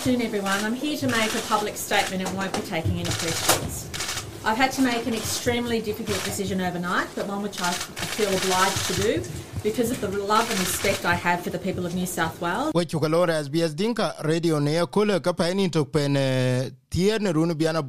afternoon, everyone. I'm here to make a public statement and won't be taking any questions. I've had to make an extremely difficult decision overnight, but one which I feel obliged to do because of the love and respect I have for the people of New South Wales. We took a lot as Dinka Radio Nea Kula Kapani took pen eh, tier ne runu biana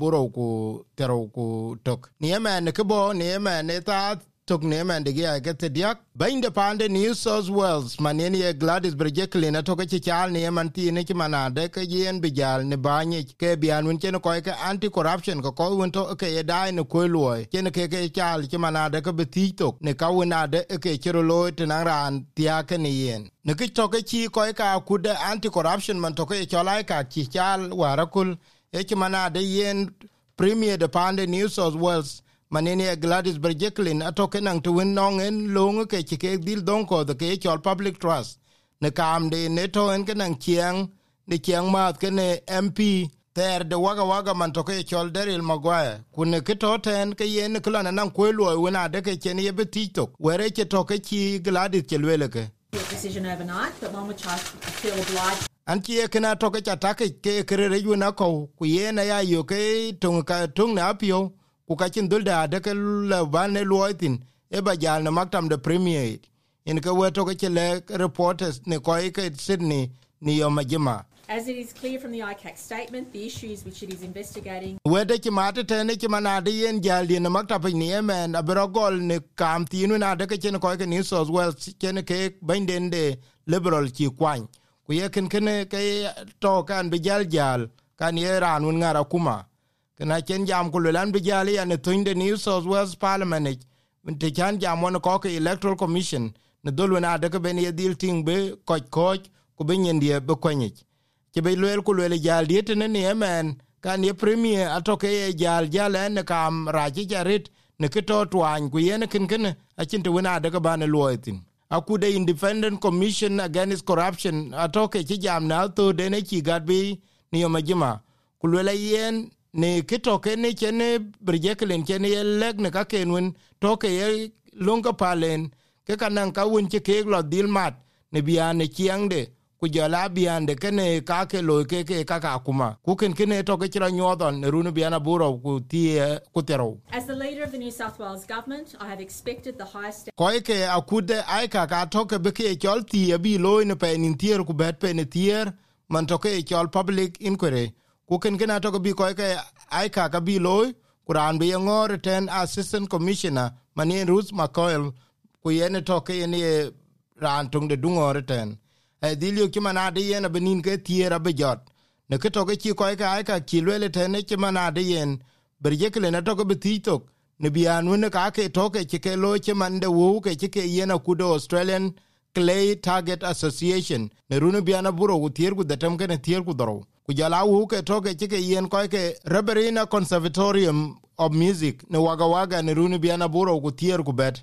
tok. Niema ne kebo niema ne taat tok ne man de ya ke tediak bain de pande new south wales manen ye gladys berjekli na toke ti chal ne man ti ne ti manade ke yen bijal ne banye ke bian un chen ko ke anti corruption ko ko un to ke ye dai ne ko loy chen ke ke chal ti manade ke beti tok ne ka unade ke chiro loy tna ran tia ke ne yen ne ke toke ti ko ka kude anti corruption man toke ye chala ka ti chal warakul e ti manade yen premier de pande new south wales manene ya Gladys Berjeklin atoke nang to win nong en long ke ke ke dil don ko ke chol public trust ne kam de ne to en ke nang chiang ne chiang ma ke ne MP ter de waga waga man to ke chol deril magwaye kunne ke to ten ke ye ne kula na nang ko lo wona de ke chen ye betito were ke to ke chi Gladys ke lele ke decision an ci ye kena toke ca take ke kere e re yuena kou ku ye na ya yo ke tung ka tung na apio ku ka cin dhol da da le ban ne lo tin e ba jal na maktam de premier in ka we to ke le reporters ne ko ke Sydney ni yo majima As it is clear from the ICAC statement, the issues which it is investigating. Wede ki mate tene ki manade yen jaldi na makta pe ni emen abero gol kam tinu na de ke chen ko ke New South Wales ke bendende liberal ki kwany. Ku ye ken ken ke to kan be jal jal kan ye ran wun ngara kuma kana chen jam ku lan bi jali ya ne tunde new south wales parliament min te chan jam won ko electoral commission ne dolu na de ben ye dil ting be ko ko ku be nyen die be konyi ke be lel ku lel jali te ne ne men kan ye premier atoke ye jal jale ne kam raji jarit ne kito twany ku yen kin kin a chin te wona de ba ne loitin akude independent commission against corruption atoke chi jam na to de ne chi gatbi ni yo majima ku lel yen ne kitoke ne chene chene ye leg ne ka kenwen toke ye palen ke kanan ka wun che ke dil mat ne biane chiangde ku jala biande ka ke lo ke ke ka ka kuma ku ken to ke chira nyodon ne runu biana buro ku ti ku tero as the leader of the new south wales government i have expected the highest ko ke akude ai ka ka to ke be ke chol ti bi lo ne pe nin tier ku bet pe ne tier man to ke chol public inquiry ku ken ken ato bi ko ke ai ka ka bi loy kuran bi ngor ten assistant commissioner manin ruth mccoil ku yene to ke yene ran tung de dungor ten e dilio ki mana de yene benin ke tiera be jot ne ke to ke ki ko ka ai ka ki le ten ki mana de yen ber ye kle na to ke bi to ne bi anu ne ka ke to ke ke lo ke man de wo ke ke yene ku do australian clay target association ne runu bi ana buro ku tier ke ne tier ku doro ku jɔl awuke töke cï ke yen kɔcke reberina conservatorium of music ne wagawaga ne runi bian abu rou ku thier ku bɛt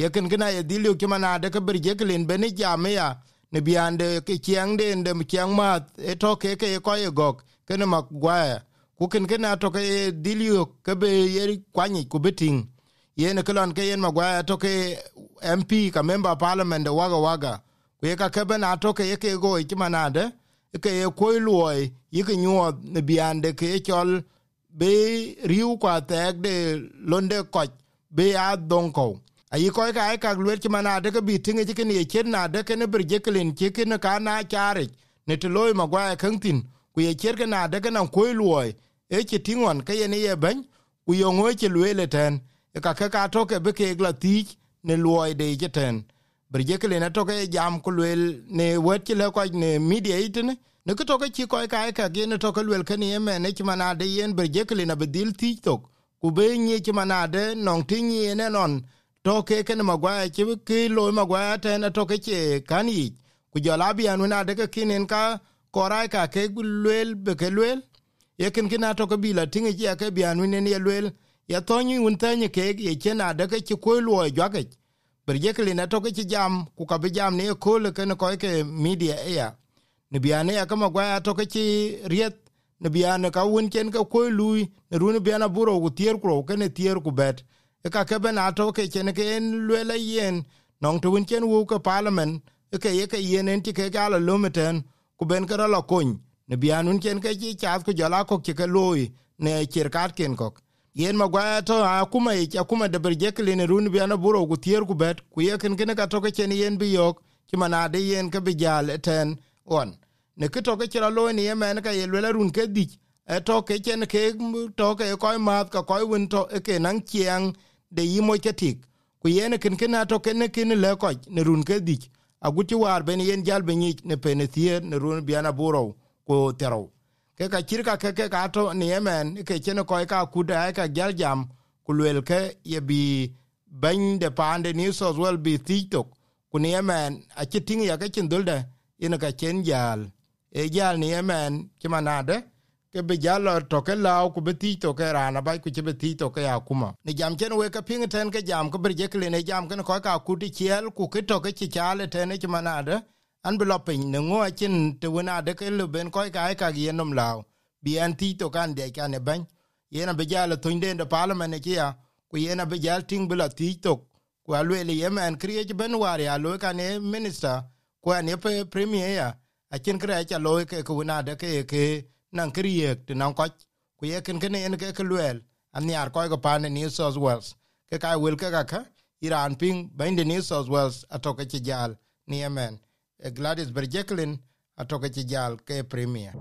yekenken aye dhil luk cï manade ke bir jekelin beni jamia ne biande ke ciɛŋ den de ciɛŋ math e töke ke ye kɔc e gɔk kene mak guaya ku kenken a töke ye dhil yok ke be ye kuanyic ku bi tiŋ yene kelɔn ke yen maguaya töke mp ka member parliament de wagawaga ku ye kakeben a töke ye ke gooi cï manade ke ye luoi luoy yike nyuo ne biande ke chol be riu kwa tek de londe koch be a donko ayi koy ka ai kak luet chimana de ke bitinge chike ne chen na de ne birje kelin chike ne ka na chare ne te loy magwa kantin ku ye cher ke na de ke nan koy e chi tingon ke ye ne ye ben ku yo ngoy luele ten e ka ka ka toke be ke glatich ne luoy de jeten perjekele na toke jam kuluel luel ne wet ci le kɔc ne media itene ne ke toke ci kɔc kaai kakie ne toke luel keni emɛn e ci manade yen perjekele na bi dhil thic ku be nye ci manade nɔŋ ti nyien enɔn toke kene maguaya ci ke looi maguaya tɛn atoke ci kan yic ku jɔl abian wen adeke kinen ka kɔraai kake luel be ke luel yekenken atoke bi la tiŋic yake bian wen en ye luel ya thɔ nyi wen thɛnyi keek ye cien adeke ci kuoi luɔi juakec ber ye kelina toke ci jam ku ka bi jam ne kole ken ko ke media ya ne biane ya kama gwa toke ci riet ne biane ka won ken ka ko lui ne runu biana buro ku tier ku ken tier ku bet e ka ke bena toke ken ken lele yen nong to won ken wo ka parliament e ke ye ke yen en ti ke gala lumeten ku ben ka la kon ne bianun ken ke ci chat ku jala ko ke loy ne kirkat ken kok yen magwaya to akuma ich e- akuma de berjekli ne run bi ana buro gutier kubet ku yeken kene ka toke chen yen bi yok kimana de yen ke bijal e ten on ne ke toke chira lo ni yemen ka yelwela run ke dich e toke chen ke toke e koy math ka koy win to ke nang chiang de yimo chetik ku yen ken ken ato ken ken le ko ne run ke dich aguti war ben yen jal ben ne penethier ne run bi ana buro ko tero ke ka chir ka ke ke ka to ni yemen ke chene ko ka kuda da ka gal jam ku ke ye bi ben de pande ni so well bi tiktok ku ni yemen a chi ya ke chin dulde ina ka chen jal e jal ni yemen ki manade ke bi jalo to ke law ku bi tiktok ke rana bai ku bi tiktok e ya akuma ni jam chene weka ka ping ten ke jam ko bi je ke jam kene ko ka kuti chiel chel ku ke to ke chi chale ten ki an bi lo piny ne ŋo acin te wen adeke lu ben kɔc kaai kak yen nom bi an thic tokan diɛc kan e bɛny yen abi jaal athony dende palamen e ci ya ku yen abi jaal tiŋ bi lo thic tok ku alueeli yemɛn kiriec ben waar ya loi kan e minista ku an ye premier ya acin kerɛɛc aloi keke wen adeke ke naŋ keriek te naŋ kɔc ku yekenkene yen keke luɛɛl aniar kɔcke pan e new south wales ke kaai wel kekaka iran piŋ bɛny de new south wales atoke ci jaal ni emɛn E Gladys Berjeklin atoke ci jal ke premier.